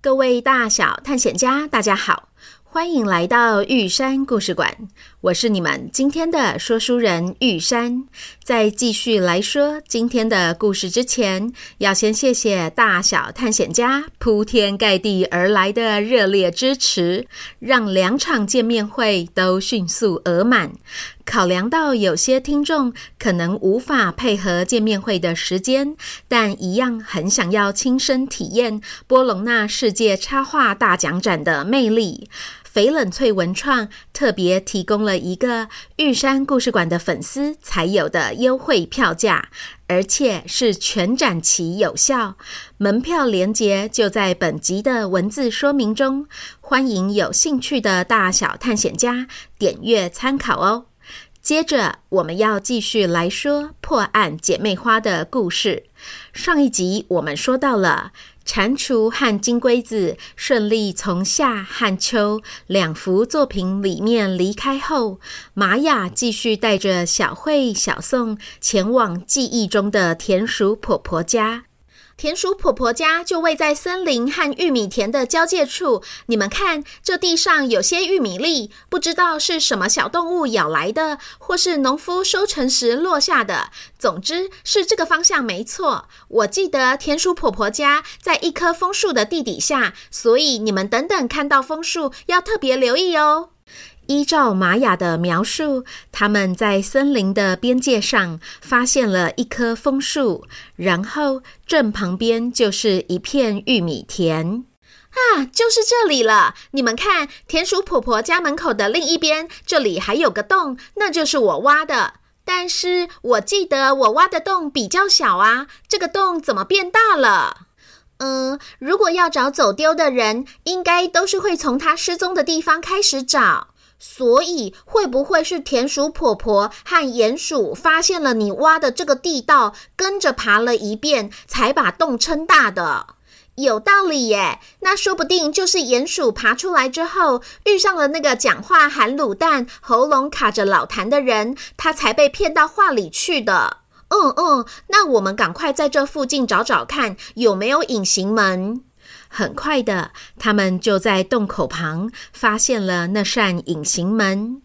各位大小探險家，大家好。歡迎來到玉山故事館。我是你們今天的說書人玉山。在繼續來說今天的故事之前，要先謝謝大小探險家鋪天蓋地而來的熱烈支持，讓兩場見面會都迅速額滿。考量到有些聽眾可能無法配合見面會的時間，但一樣很想要親身體驗波隆那世界插畫大獎展的魅力，翡冷翠文創特別提供了一個玉山故事館的粉絲才有的優惠票價，而且是全展期有效。門票鏈接就在本集的文字說明中，歡迎有興趣的大小探險家點閱參考哦。接着，我們要繼續來說破案姐妹花的故事。上一集我們說到了蟾蜍和金龜子順利從夏和秋兩幅作品裡面離開後，瑪雅繼續帶着小慧、小宋前往記憶中的田鼠婆婆家。田鼠婆婆家就位在森林和玉米田的交界處。你們看，這地上有些玉米粒，不知道是什麼小動物咬來的，或是農夫收成時落下的。總之是這個方向沒錯。我記得田鼠婆婆家在一棵楓樹的地底下，所以你們等等看到楓樹要特別留意哦。依照瑪雅的描述，他們在森林的邊界上發現了一棵楓樹，然後正旁邊就是一片玉米田啊，就是這裡了。你們看，田鼠婆婆家門口的另一邊，這裡還有個洞，那就是我挖的。但是我記得我挖的洞比較小啊，這個洞怎麼變大了？嗯，如果要找走丟的人，應該都是會從他失蹤的地方開始找。所以，會不會是田鼠婆婆和鼴鼠發現了你挖的這個地道，跟着爬了一遍，才把洞撐大的？有道理耶。那說不定就是鼴鼠爬出來之後，遇上了那個講話含滷蛋、喉嚨卡着老痰的人，他才被騙到畫裡去的。嗯嗯，那我們趕快在這附近找找看，有沒有隱形門。很快的，他們就在洞口旁發現了那扇隱形門。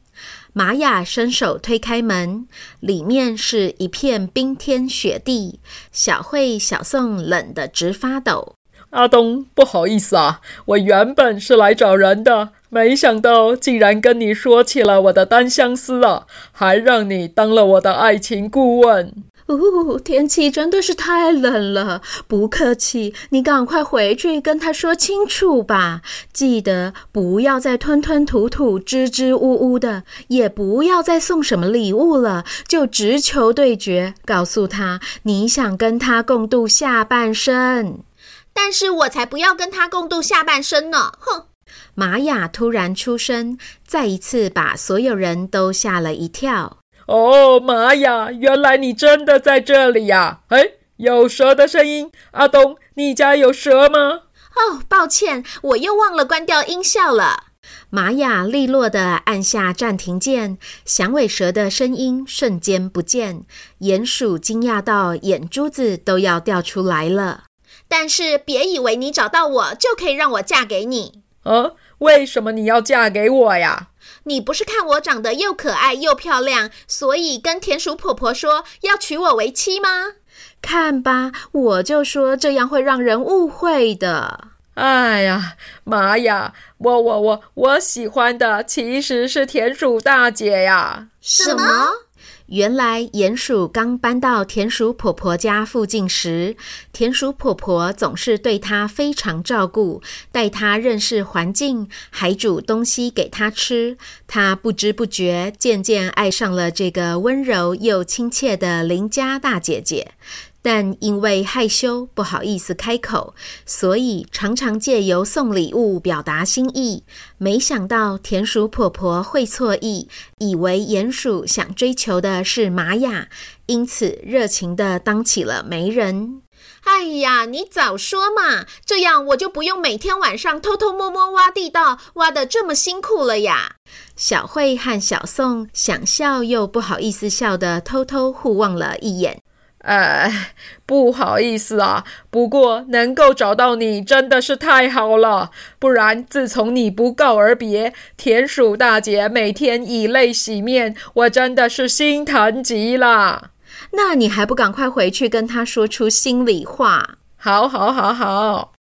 瑪雅伸手推開門，裡面是一片冰天雪地，小慧、小宋冷得直發抖。阿東，不好意思啊，我原本是來找人的。沒想到竟然跟你說起了我的單相思啊，還讓你當了我的愛情顧問。哦，天氣真的是太冷了。不客氣，你趕快回去跟他說清楚吧。記得不要再吞吞吐吐、支支吾吾的，也不要再送什麼禮物了，就直球對決，告訴他你想跟他共度下半生。但是我才不要跟他共度下半生呢！哼。瑪雅突然出聲，再一次把所有人都嚇了一跳。哦，瑪雅，原來你真的在這裡呀！誒，有蛇的聲音。阿東，你家有蛇嗎？哦，抱歉，我又忘了關掉音效了。瑪雅利落地按下暫停鍵，響尾蛇的聲音瞬間不見。鼴鼠驚訝到眼珠子都要掉出來了。但是別以為你找到我就可以讓我嫁給你。嗯、哦、為什麼你要嫁給我呀？你不是看我長得又可愛又漂亮，所以跟田鼠婆婆說要娶我為妻嗎？看吧，我就說這樣會讓人誤會的。哎呀媽呀，我我我我喜歡的其實是田鼠大姐呀！什麼？什麼？原來鼴鼠剛搬到田鼠婆婆家附近時，田鼠婆婆總是對她非常照顧，帶她認識環境，還煮東西給她吃。她不知不覺漸漸愛上了這個溫柔又親切的鄰家大姐姐。但因為害羞不好意思開口，所以常常借由送禮物表達心意。沒想到田鼠婆婆會錯意，以為鼴鼠想追求的是瑪雅，因此熱情地當起了媒人。哎呀，你早說嘛，這樣我就不用每天晚上偷偷摸摸挖地道，挖得這麼辛苦了呀！小慧和小宋想笑又不好意思笑的，偷偷互望了一眼。呃，不好意思啊，不過能夠找到你真的是太好了。不然，自從你不告而別，田鼠大姐每天以淚洗面，我真的是心疼極了。那你還不趕快回去跟她說出心裡話？好，好，好，好，好，好，好。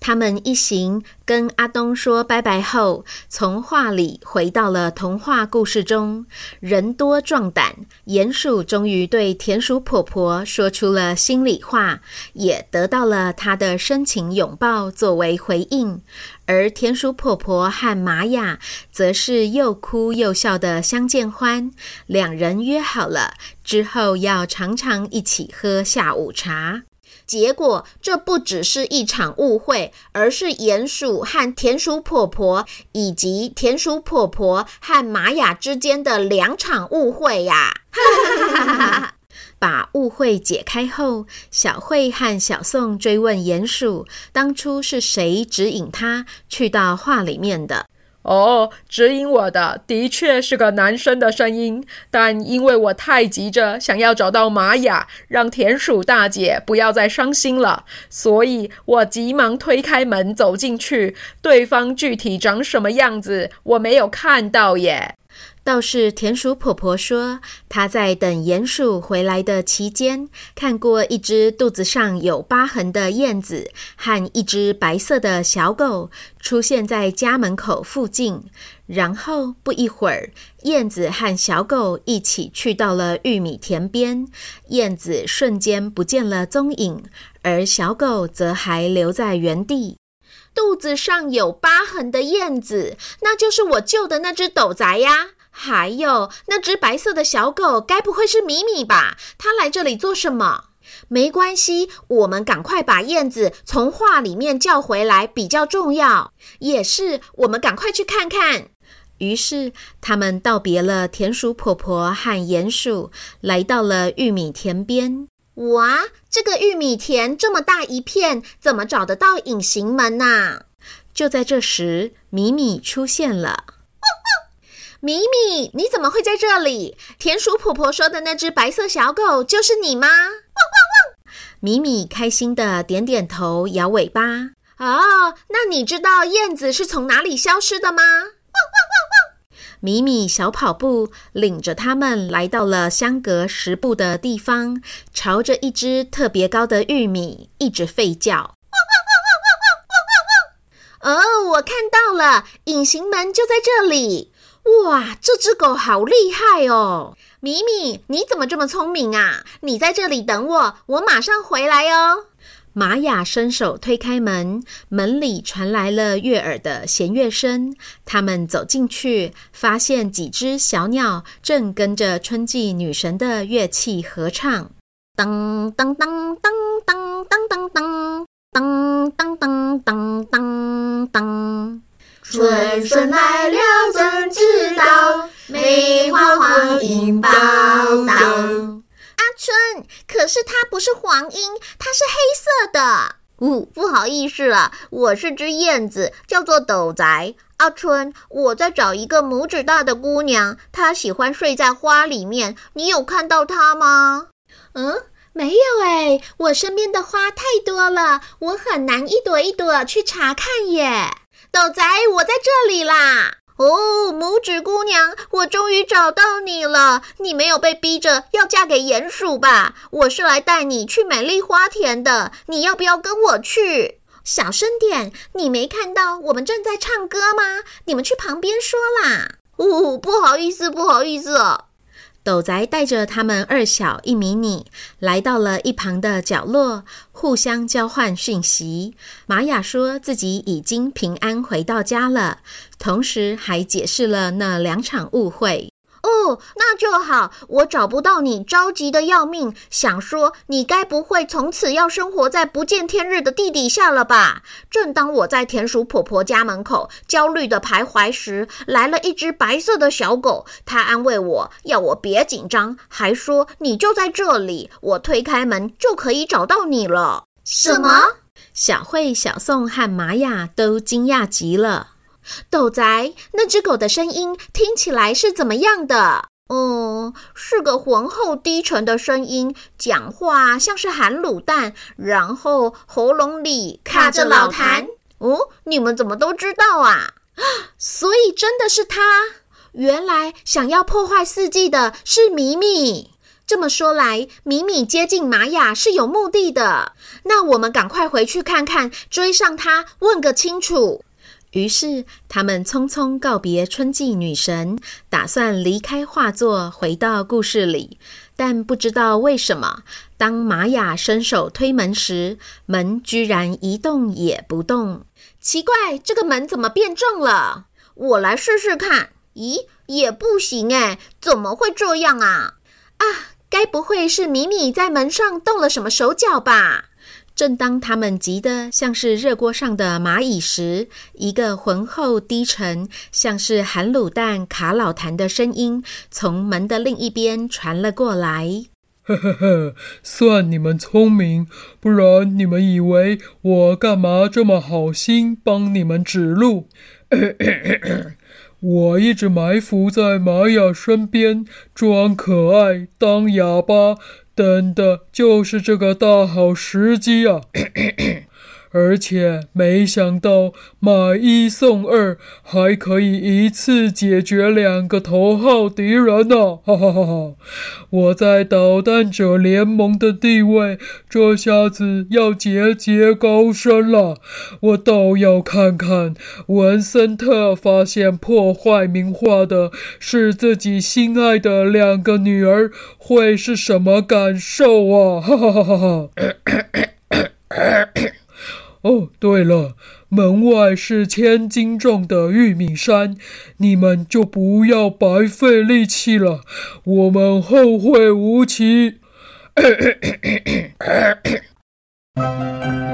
他們一行跟阿東說拜拜後，從畫裡回到了童話故事中。人多壯膽，鼴鼠終於對田鼠婆婆說出了心裡話，也得到了她的深情擁抱作為回應。而田鼠婆婆和瑪雅則是又哭又笑的相見歡，兩人約好了之後要常常一起喝下午茶。結果，這不只是一場誤會，而是鼴鼠和田鼠婆婆以及田鼠婆婆和瑪雅之間的兩場誤會呀！ 把誤會解開後，小慧和小宋追問鼴鼠，當初是誰指引他去到畫裡面的？哦，oh, 指引我的的確是個男生的聲音，但因為我太急着想要找到瑪雅，讓田鼠大姐不要再傷心了，所以我急忙推開門走進去。對方具體長什麼樣子，我沒有看到耶。倒是田鼠婆婆說，她在等鼴鼠回來的期間，看過一隻肚子上有疤痕的燕子和一隻白色的小狗出現在家門口附近。然後不一會兒，燕子和小狗一起去到了玉米田邊，燕子瞬間不見了蹤影，而小狗則還留在原地。肚子上有疤痕的燕子，那就是我救的那隻斗崽呀、啊。還有那隻白色的小狗，該不會是米米吧？它來這裡做什麼？沒關係，我們趕快把燕子從畫裡面叫回來比較重要。也是，我們趕快去看看。於是他們道別了田鼠婆婆和鼹鼠，來到了玉米田邊。哇，這個玉米田這麼大一片，怎麼找得到隱形門呢、啊？就在這時，米米出現了。 米米，你怎麼會在這裡？田鼠婆婆說的那隻白色小狗就是你嗎？汪汪汪！米米開心地點點頭，搖尾巴。哦，那你知道燕子是從哪裡消失的嗎？汪汪汪汪！米米小跑步，領着他們來到了相隔十步的地方，朝着一隻特別高的玉米一直吠叫。汪汪汪汪汪汪汪汪！哦，我看到了，隱形門就在這裡。哇，這隻狗好厲害哦！咪咪，你怎麼這麼聰明啊？你在這裡等我，我馬上回來哦。瑪雅伸手推開門，門裡傳來了悅耳的弦樂聲。他們走進去，發現幾隻小鳥正跟着春季女神的樂器合唱：當當當當當當當當當當當當當。春神來了。阿春，可是它不是黃鶯，它是黑色的。唔、哦，不好意思了，我是只燕子，叫做斗仔。阿春，我在找一個拇指大的姑娘，她喜歡睡在花裡面。你有看到她嗎？嗯，沒有哎、欸，我身邊的花太多了，我很難一朵一朵去查看耶。斗仔，我在這裡啦。哦，拇指姑娘，我終於找到你了！你沒有被逼着要嫁給鼴鼠吧？我是來帶你去美麗花田的，你要不要跟我去？小聲點，你沒看到我們正在唱歌嗎？你們去旁邊說啦。哦，不好意思，不好意思。狗仔帶着他們二小一迷你來到了一旁的角落，互相交換訊息。瑪雅說自己已經平安回到家了，同時還解釋了那兩場誤會。哦，那就好。我找不到你，着急的要命，想說你該不會從此要生活在不見天日的地底下了吧？正當我在田鼠婆婆家門口焦慮的徘徊時，來了一隻白色的小狗。它安慰我，要我別緊張，還說你就在這裡，我推開門就可以找到你了。什麼嗎？小慧、小宋和瑪雅都驚訝極了。鬥仔，那只狗的聲音聽起來是怎麼樣的？哦、嗯，是個渾厚低沉的聲音，講話像是含滷蛋，然後喉嚨裡卡着老痰。哦，你們怎麼都知道啊？所以真的是他。原來想要破壞四季的是米米。這麼說來，米米接近瑪雅是有目的的。那我們趕快回去看看，追上他，問個清楚。於是，他們匆匆告別春季女神，打算離開畫作，回到故事裡。但不知道為什麼，當瑪雅伸手推門時，門居然一動也不動。奇怪，這個門怎麼變重了？我來試試看。咦，也不行哎、欸，怎麼會這樣啊？啊，該不會是米米在門上動了什麼手腳吧？正當他們急得像是熱鍋上的螞蟻時，一個渾厚低沉、像是含滷蛋卡老痰的聲音從門的另一邊傳了過來。呵呵呵，算你們聰明，不然你們以為我幹嘛這麼好心幫你們指路？咳咳咳咳，我一直埋伏在瑪雅身邊，裝可愛當啞巴。等的就是這個大好時機啊！咳咳咳而且沒想到買一送二，還可以一次解決兩個頭號敵人呢！哈哈哈哈！我在搗蛋者聯盟的地位，這下子要節節高升了。我倒要看看文森特發現破壞名畫的是自己心愛的兩個女兒，會是什麼感受啊！哈哈哈哈！哦，對了，門外是千斤重的玉米山，你們就不要白費力氣了，我們後會無期。哎哎哎哎哎！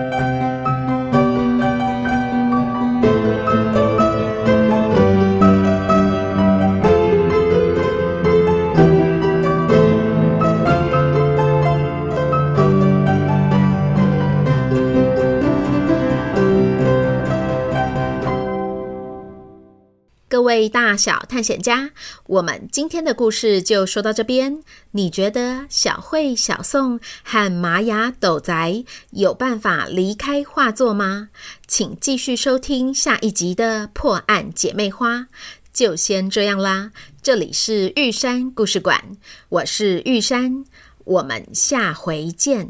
各位大小探險家，我們今天的故事就說到這邊。你覺得小慧、小宋和瑪雅斗宅有辦法離開畫作嗎？請繼續收聽下一集的《破案姐妹花》。就先這樣啦，這裡是玉山故事館，我是玉山，我們下回見。